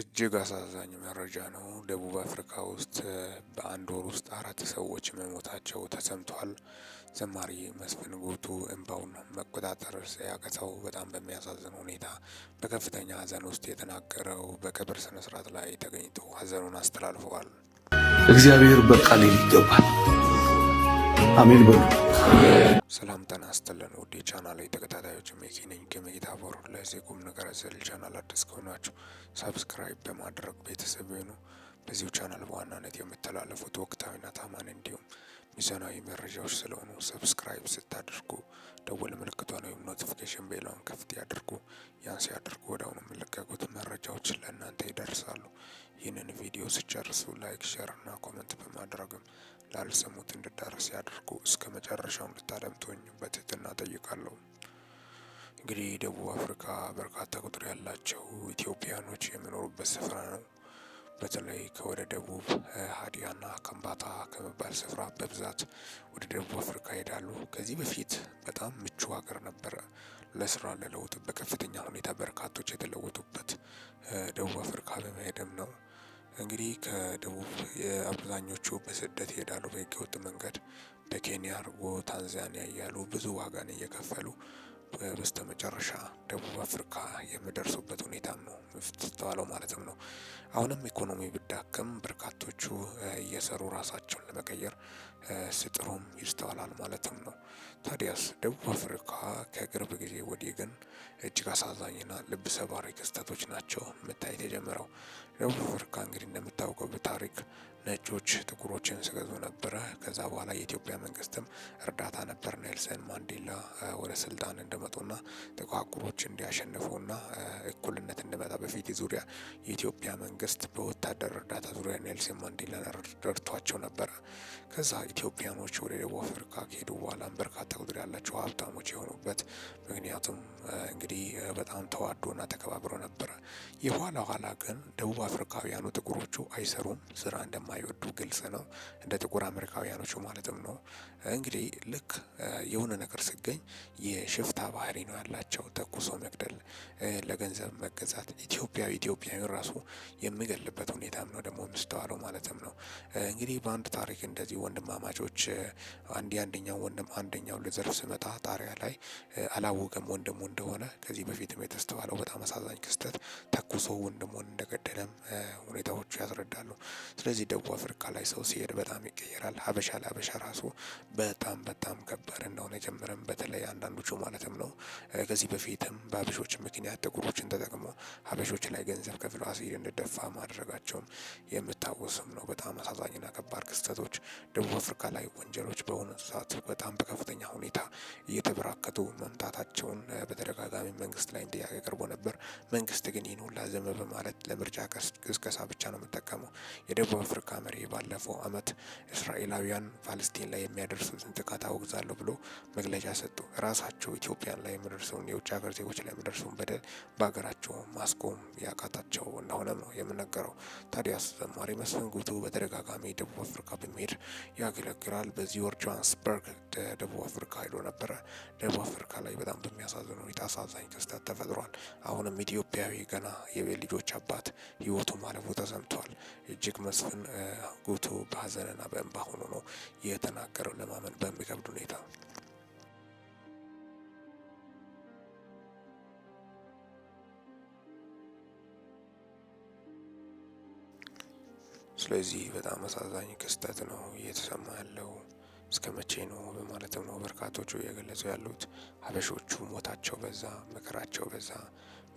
እጅግ አሳዛኝ መረጃ ነው። ደቡብ አፍሪካ ውስጥ በአንድ ወር ውስጥ አራት ሰዎች መሞታቸው ተሰምቷል። ዘማሪ መስፍን ጉቱ እንባውን መቆጣጠር ሲያቅተው በጣም በሚያሳዝን ሁኔታ በከፍተኛ ሀዘን ውስጥ የተናገረው በቀብር ስነ ስርዓት ላይ ተገኝቶ ሀዘኑን አስተላልፈዋል። እግዚአብሔር በቃል ይገባል። አሜን በሉ። ሰላም ጤና ይስጥልን ውድ የቻናሌ ተከታታዮች፣ ሜኪ ነኝ ከሜጌታ ፎር። ለዚህ ቁም ነገር አዘል ቻናል አዲስ ከሆናችሁ ሳብስክራይብ በማድረግ ቤተሰብ ሆኑ። በዚሁ ቻናል በዋናነት የሚተላለፉት ወቅታዊና ታማኝ እንዲሁም ሚዛናዊ መረጃዎች ስለሆኑ ሰብስክራይብ ስታደርጉ ደወል ምልክቷን ወይም ኖቲፊኬሽን ቤሏን ክፍት ያድርጉ። ያን ሲያደርጉ ወዲያውኑ የሚለቀቁት መረጃዎች ለእናንተ ይደርሳሉ። ይህንን ቪዲዮ ሲጨርሱ ላይክ፣ ሸር እና ኮመንት በማድረግም ላልሰሙት እንድዳረስ ያድርጉ። እስከ መጨረሻው እንድታደምጡኝ በትህትና ጠይቃለሁ። እንግዲህ ደቡብ አፍሪካ በርካታ ቁጥር ያላቸው ኢትዮጵያኖች የሚኖሩበት ስፍራ ነው። በተለይ ከወደ ደቡብ ሀዲያና ከምባታ ከመባል ስፍራ በብዛት ወደ ደቡብ አፍሪካ ይሄዳሉ። ከዚህ በፊት በጣም ምቹ ሀገር ነበረ ለስራ ለለውጥ በከፍተኛ ሁኔታ በርካቶች የተለወጡበት ደቡብ አፍሪካ በመሄድም ነው እንግዲህ ከደቡብ የአብዛኞቹ በስደት ይሄዳሉ በህገወጥ መንገድ እንደ ኬንያ አድርጎ ታንዛኒያ እያሉ ብዙ ዋጋን እየከፈሉ በስተመጨረሻ ደቡብ አፍሪካ የሚደርሱበት ሁኔታም ነው የምትስተዋለው ማለትም ነው። አሁንም ኢኮኖሚ ብዳክም በርካቶቹ እየሰሩ ራሳቸውን ለመቀየር ስጥሩም ይስተዋላል ማለትም ነው። ታዲያስ ደቡብ አፍሪካ ከቅርብ ጊዜ ወዲህ ግን እጅግ አሳዛኝና ልብ ሰባሪ ክስተቶች ናቸው መታየት የጀመረው። ደቡብ አፍሪካ እንግዲህ እንደምታውቀው በታሪክ ነጮች ጥቁሮችን ስገዙ ነበረ። ከዛ በኋላ የኢትዮጵያ መንግስትም እርዳታ ነበር ኔልሰን ማንዴላ ወደ ስልጣን እንደመጡና ጥቋቁሮች እንዲያሸንፉና እኩልነት በሀይቲ ዙሪያ የኢትዮጵያ መንግስት በወታደር እርዳታ ዙሪያ ኔልሰን ማንዴላን ረድቷቸው ነበረ። ከዛ ኢትዮጵያኖች ወደ ደቡብ አፍሪካ ከሄዱ በኋላም በርካታ ቁጥር ያላቸው ሀብታሞች የሆኑበት ምክንያቱም እንግዲህ በጣም ተዋዶና ተከባብሮ ነበረ። የኋላ ኋላ ግን ደቡብ አፍሪካውያኑ ጥቁሮቹ አይሰሩም፣ ስራ እንደማይወዱ ግልጽ ነው፣ እንደ ጥቁር አሜሪካውያኖቹ ማለትም ነው። እንግዲህ ልክ የሆነ ነገር ሲገኝ የሽፍታ ባህሪ ነው ያላቸው፣ ተኩሶ መግደል፣ ለገንዘብ መገዛት ኢትዮ ኢትዮጵያዊ ኢትዮጵያዊ ራሱ የሚገልበት ሁኔታም ነው ደግሞ የሚስተዋለው ማለትም ነው። እንግዲህ በአንድ ታሪክ እንደዚህ ወንድማማቾች አንድ አንደኛው ወንድም አንደኛው ልዘርፍ ስመጣ ጣሪያ ላይ አላወቀም ወንድሙ እንደሆነ ከዚህ በፊትም የተስተዋለው በጣም አሳዛኝ ክስተት ተኩሶ ወንድሙን እንደገደለም ሁኔታዎቹ ያስረዳሉ። ስለዚህ ደቡብ አፍሪካ ላይ ሰው ሲሄድ በጣም ይቀየራል። ሀበሻ ለሀበሻ ራሱ በጣም በጣም ከባድ እንደሆነ ጀምረም በተለይ አንዳንዶቹ ማለትም ነው ከዚህ በፊትም በሀበሾች ምክንያት ጥቁሮችን ተጠቅሞ ሀበሾች ሰዎች ላይ ገንዘብ ከፍለው አሲድ እንደደፋ ማድረጋቸውም የምታወስም ነው። በጣም አሳዛኝና ከባድ ክስተቶች ደቡብ አፍሪካ ላይ ወንጀሎች በሆኑ ሰዓት በጣም በከፍተኛ ሁኔታ እየተበራከቱ መምጣታቸውን በተደጋጋሚ መንግስት ላይ ጥያቄ ቀርቦ ነበር። መንግስት ግን ይህን ሁላ ዝም በማለት ለምርጫ ቅስቀሳ ብቻ ነው የምጠቀመው። የደቡብ አፍሪካ መሪ ባለፈው አመት እስራኤላውያን ፓለስቲን ላይ የሚያደርሱትን ጥቃት አወግዛለሁ ብሎ መግለጫ ሰጡ። ራሳቸው ኢትዮጵያን ላይ የምደርሰውን የውጭ ሀገር ዜጎች ላይ የምደርሰውን በደል በሀገራቸው ማስቆም ያቃታቸው እንደሆነም ነው የምነገረው። ታዲያ ዘማሪ መስፍን ጉቱ በተደጋጋሚ ደቡብ አፍሪካ በመሄድ ያገለግላል። በዚህ ወር ጆሃንስበርግ ደቡብ አፍሪካ ሄዶ ነበረ። ደቡብ አፍሪካ ላይ በጣም በሚያሳዝን ሁኔታ አሳዛኝ ክስተት ተፈጥሯል። አሁንም ኢትዮጵያዊ ገና የቤት ልጆች አባት ህይወቱ ማለፉ ተሰምቷል። እጅግ መስፍን ጉቱ በሀዘንና በእንባ ሆኖ ነው የተናገረው ለማመን በሚከብድ ሁኔታ ስለዚህ በጣም አሳዛኝ ክስተት ነው እየተሰማ ያለው። እስከ መቼ ነው በማለትም ነው በርካቶቹ እየገለጹ ያሉት። ሀበሾቹ ሞታቸው በዛ፣ መከራቸው በዛ።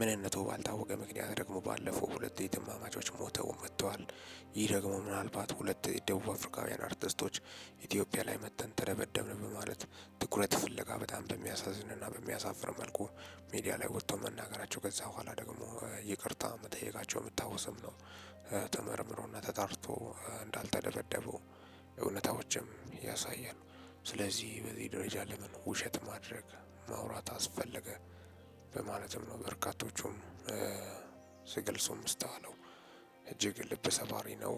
ምንነቱ ባልታወቀ ምክንያት ደግሞ ባለፈው ሁለት እህትማማቾች ሞተው መጥተዋል። ይህ ደግሞ ምናልባት ሁለት ደቡብ አፍሪካውያን አርቲስቶች ኢትዮጵያ ላይ መጥተን ተደበደብን በማለት ትኩረት ፍለጋ በጣም በሚያሳዝንና በሚያሳፍር መልኩ ሚዲያ ላይ ወጥቶ መናገራቸው ከዛ በኋላ ደግሞ ይቅርታ መጠየቃቸው የምታወስም ነው። ተመርምሮና ተጣርቶ እንዳልተደበደበው እውነታዎችም ያሳያል። ስለዚህ በዚህ ደረጃ ለምን ውሸት ማድረግ ማውራት አስፈለገ? በማለትም ነው በርካቶቹም ሲገልጹ ምስተዋለው። እጅግ ልብ ሰባሪ ነው።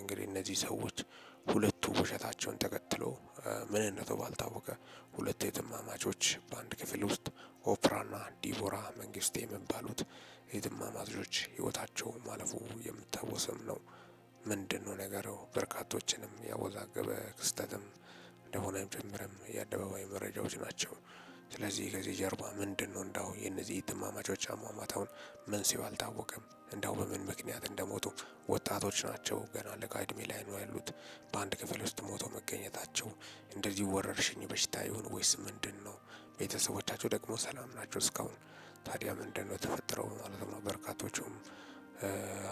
እንግዲህ እነዚህ ሰዎች ሁለቱ ውሸታቸውን ተከትሎ ምንነቱ ባልታወቀ ሁለቱ የትማማቾች በአንድ ክፍል ውስጥ ኦፕራና ዲቦራ መንግስቴ የሚባሉት የትማማቾች ህይወታቸው ማለፉ የምታወስም ነው። ምንድን ነው ነገሩ? በርካቶችንም ያወዛገበ ክስተትም እንደሆነ ጭምርም የአደባባይ መረጃዎች ናቸው። ስለዚህ ከዚህ ጀርባ ምንድን ነው እንዳው የእነዚህ ትማማቾች አሟሟታውን መንስኤው አልታወቀም። እንዳው በምን ምክንያት እንደሞቱ ወጣቶች ናቸው፣ ገና ለጋ እድሜ ላይ ነው ያሉት። በአንድ ክፍል ውስጥ ሞቶ መገኘታቸው እንደዚህ ወረርሽኝ በሽታ ይሁን ወይስ ምንድን ነው? ቤተሰቦቻቸው ደግሞ ሰላም ናቸው እስካሁን። ታዲያ ምንድን ነው ተፈጥረው ማለት ነው። በርካቶቹም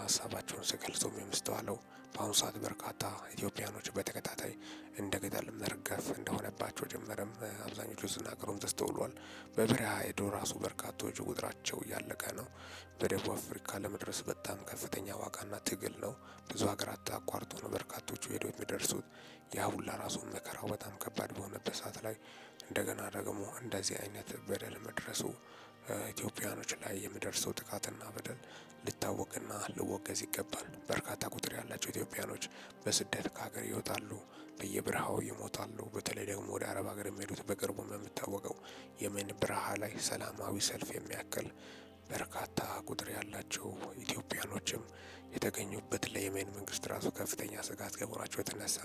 ሀሳባቸውን ስገልጾም የምስተዋለው በአሁኑ ሰዓት በርካታ ኢትዮጵያኖች በተከታታይ እንደ ገጠል መርገፍ እንደሆነ መኖራቸው ጀመረም። አብዛኞቹ ሲናገሩም ተስተውሏል። በበረሃ ሄዶ ራሱ በርካቶች ቁጥራቸው እያለቀ ነው። በደቡብ አፍሪካ ለመድረስ በጣም ከፍተኛ ዋጋና ትግል ነው። ብዙ ሀገራት አቋርጦ ነው በርካቶቹ ሄዶ የሚደርሱት። ያ ሁላ ራሱ መከራው በጣም ከባድ በሆነበት ሰዓት ላይ እንደገና ደግሞ እንደዚህ አይነት በደል መድረሱ ኢትዮጵያኖች ላይ የሚደርሰው ጥቃትና በደል ሊታወቅና ሊወገዝ ይገባል። በርካታ ቁጥር ያላቸው ኢትዮጵያኖች በስደት ከሀገር ይወጣሉ፣ በየበረሃው ይሞታሉ። በተለይ ደግሞ ወደ አረብ ሀገር የሚሄዱት በቅርቡ የሚታወቀው የመን በረሃ ላይ ሰላማዊ ሰልፍ የሚያክል በርካታ ቁጥር ያላቸው ኢትዮጵያኖችም የተገኙበት ለየመን መንግስት ራሱ ከፍተኛ ስጋት ከመሆናቸው የተነሳ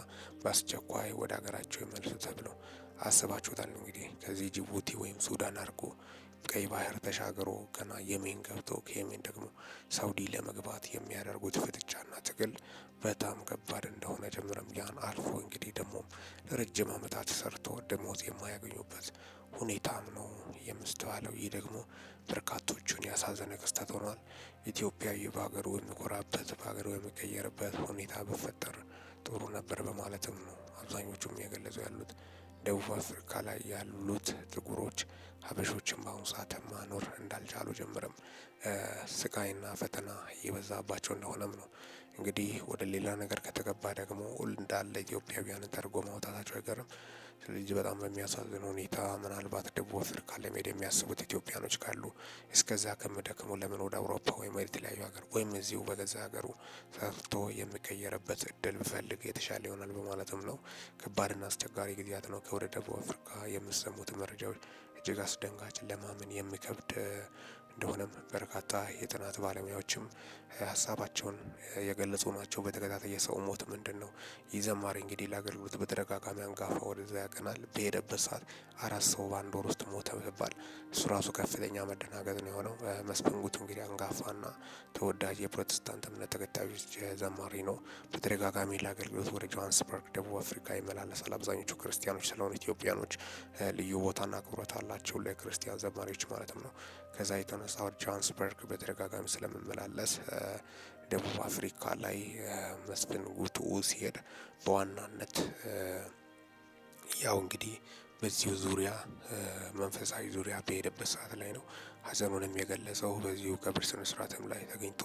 በአስቸኳይ ወደ ሀገራቸው ይመልሱ ተብለው አስባችሁታል። እንግዲህ ከዚህ ጅቡቲ ወይም ሱዳን አድርጎ ቀይ ባህር ተሻግሮ ገና የሜን ገብቶ ከየሜን ደግሞ ሳውዲ ለመግባት የሚያደርጉት ፍጥጫና ትግል በጣም ከባድ እንደሆነ ጀምረም ያን አልፎ እንግዲህ ደግሞ ለረጅም ዓመታት ሰርቶ ደሞዝ የማያገኙበት ሁኔታም ነው የምስተዋለው። ይህ ደግሞ በርካቶቹን ያሳዘነ ክስተት ሆኗል። ኢትዮጵያዊ በሀገሩ የሚኮራበት በሀገሩ የሚቀየርበት ሁኔታ በፈጠር ጥሩ ነበር በማለትም ነው አብዛኞቹም እየገለጹ ያሉት። ደቡብ አፍሪካ ላይ ያሉት ጥቁሮች ሀበሾችን በአሁኑ ሰዓት ማኖር እንዳልቻሉ ጀምረም ስቃይና ፈተና እየበዛባቸው እንደሆነም ነው። እንግዲህ ወደ ሌላ ነገር ከተገባ ደግሞ እንዳለ ኢትዮጵያውያን ተርጎ ማውጣታቸው አይገርም። ልጅ በጣም በሚያሳዝን ሁኔታ ምናልባት ደቡብ አፍሪካ ለመሄድ የሚያስቡት ኢትዮጵያኖች ካሉ እስከዛ ከምደክመው ለምን ወደ አውሮፓ ወይም ወደ ተለያዩ ሀገር ወይም እዚሁ በገዛ ሀገሩ ሰርቶ የሚቀየርበት እድል ብፈልግ የተሻለ ይሆናል በማለትም ነው። ከባድና አስቸጋሪ ጊዜያት ነው። ከወደ ደቡብ አፍሪካ የምሰሙት መረጃዎች እጅግ አስደንጋጭ፣ ለማመን የሚከብድ እንደሆነም በርካታ የጥናት ባለሙያዎችም ሀሳባቸውን የገለጹ ናቸው። በተከታታይ የሰው ሞት ምንድን ነው? ይህ ዘማሪ እንግዲህ ለአገልግሎት በተደጋጋሚ አንጋፋ ወደዛ ያቀናል። በሄደበት ሰዓት አራት ሰው በአንድ ወር ውስጥ ሞተ ብባል እሱ ራሱ ከፍተኛ መደናገጥ ነው የሆነው። መስፍን ጉቱ እንግዲህ አንጋፋና ተወዳጅ የፕሮቴስታንት እምነት ተከታዮች ዘማሪ ነው። በተደጋጋሚ ለአገልግሎት ወደ ጆሃንስበርግ ደቡብ አፍሪካ ይመላለሳል። አብዛኞቹ ክርስቲያኖች ስለሆኑ ኢትዮጵያኖች ልዩ ቦታና አክብሮት አላቸው፣ ለክርስቲያን ዘማሪዎች ማለትም ነው። ከዛ የተነ ሳውት ጆሃንስበርግ በተደጋጋሚ ስለምመላለስ ደቡብ አፍሪካ ላይ መስፍን ጉቱኡ ሲሄድ በዋናነት ያው እንግዲህ በዚሁ ዙሪያ መንፈሳዊ ዙሪያ በሄደበት ሰዓት ላይ ነው ሀዘኑንም የገለጸው። በዚሁ ቀብር ስነ ስርዓትም ላይ ተገኝቶ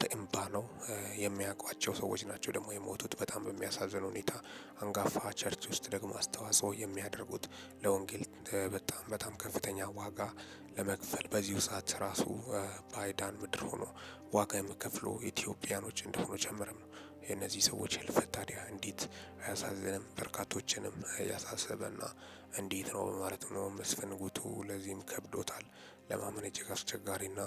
በእንባ ነው። የሚያውቋቸው ሰዎች ናቸው ደግሞ የሞቱት። በጣም በሚያሳዝን ሁኔታ አንጋፋ ቸርች ውስጥ ደግሞ አስተዋጽኦ የሚያደርጉት ለወንጌል በጣም በጣም ከፍተኛ ዋጋ ለመክፈል በዚሁ ሰዓት ራሱ ባይዳን ምድር ሆኖ ዋጋ የሚከፍሉ ኢትዮጵያኖች እንደሆኑ ጨምረም ነው የእነዚህ ሰዎች ህልፈት ታዲያ እንዴት የሚያሳዝንም በርካቶችንም ያሳሰበና እንዴት ነው በማለት ነው መስፍን ጉቱ ለዚህም ከብዶታል። ለማመን እጅግ አስቸጋሪና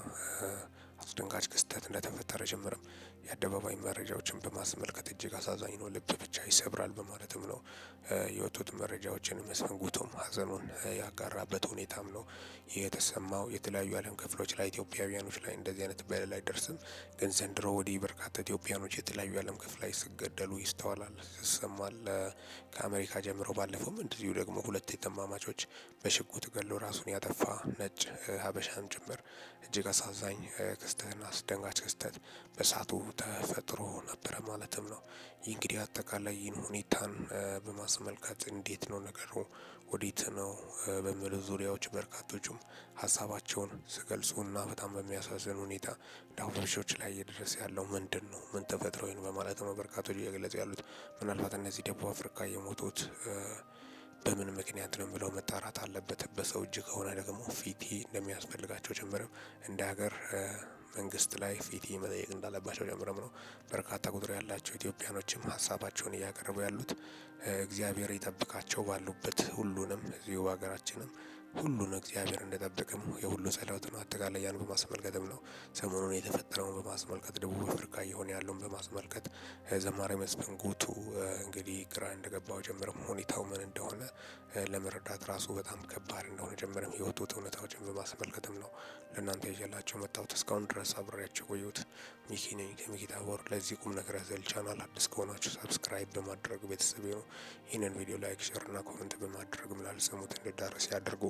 አስደንጋጭ ክስተት እንደተፈጠረ ጭምርም የአደባባይ መረጃዎችን በማስመልከት እጅግ አሳዛኝ ነው፣ ልብ ብቻ ይሰብራል በማለትም ነው የወጡት መረጃዎችን መስፍን ጉቶም ሀዘኑን ያጋራበት ሁኔታም ነው ይህ የተሰማው። የተለያዩ ዓለም ክፍሎች ላይ ኢትዮጵያውያኖች ላይ እንደዚህ አይነት በደል አይደርስም፣ ግን ዘንድሮ ወዲህ በርካታ ኢትዮጵያኖች የተለያዩ ዓለም ክፍል ላይ ሲገደሉ ይስተዋላል፣ ይሰማል። ከአሜሪካ ጀምሮ ባለፈውም እንደዚሁ ደግሞ ሁለት የተማማቾች በሽጉጥ ገሎ ራሱን ያጠፋ ነጭ ሀበሻም ጭምር እጅግ አሳዛኝ ክስተትና አስደንጋጭ ክስተት በሰዓቱ ተፈጥሮ ነበረ ማለትም ነው። ይህ እንግዲህ አጠቃላይ ይህን ሁኔታን በማስመልከት እንዴት ነው ነገሩ፣ ወዴት ነው በሚሉ ዙሪያዎች በርካቶቹም ሀሳባቸውን ስገልጹ እና በጣም በሚያሳዝን ሁኔታ ዳሁበሾች ላይ እየደረሰ ያለው ምንድን ነው ምን ተፈጥሮ ይን በማለት ነው በርካቶች እየገለጹ ያሉት ምናልባት እነዚህ ደቡብ አፍሪካ የሞቱት በምን ምክንያት ነው ብለው መጣራት አለበት። በሰው እጅ ከሆነ ደግሞ ፊቲ እንደሚያስፈልጋቸው ጭምርም እንደ ሀገር መንግስት ላይ ፊቲ መጠየቅ እንዳለባቸው ጀምረም ነው በርካታ ቁጥር ያላቸው ኢትዮጵያኖችም ሀሳባቸውን እያቀረቡ ያሉት። እግዚአብሔር ይጠብቃቸው ባሉበት ሁሉንም እዚሁ ሀገራችንም ሁሉን እግዚአብሔር እንደጠበቅም የሁሉ ጸሎት ነው። አጠቃላይ ያን በማስመልከትም ነው ሰሞኑን የተፈጠረውን በማስመልከት ደቡብ አፍሪካ እየሆነ ያለውን በማስመልከት ዘማሪ መስፍን ጉቱ እንግዲህ ግራ እንደገባው ጀምረም ሁኔታው ምን እንደሆነ ለመረዳት ራሱ በጣም ከባድ እንደሆነ ጀምረም የወጡት እውነታዎችን በማስመልከትም ነው ለእናንተ ይዤላቸው መጣሁት። እስካሁን ድረስ አብሬያቸው ቆዩት። ሚኪ ነኝ ከሚኪታ ወር። ለዚህ ቁም ነገር ያዘል ቻናል አዲስ ከሆናችሁ ሰብስክራይብ በማድረግ ቤተሰብ ነው። ይህንን ቪዲዮ ላይክ፣ ሸርና ኮመንት በማድረግም ላልሰሙት እንዲዳረስ ያድርጉ።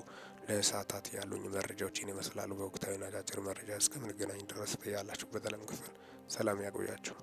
ለሰዓታት ያሉኝ መረጃዎችን ይመስላሉ። በወቅታዊ አጫጭር መረጃ እስከምንገናኝ ድረስ በያላችሁበት ዓለም ክፍል ሰላም ያቆያችሁ።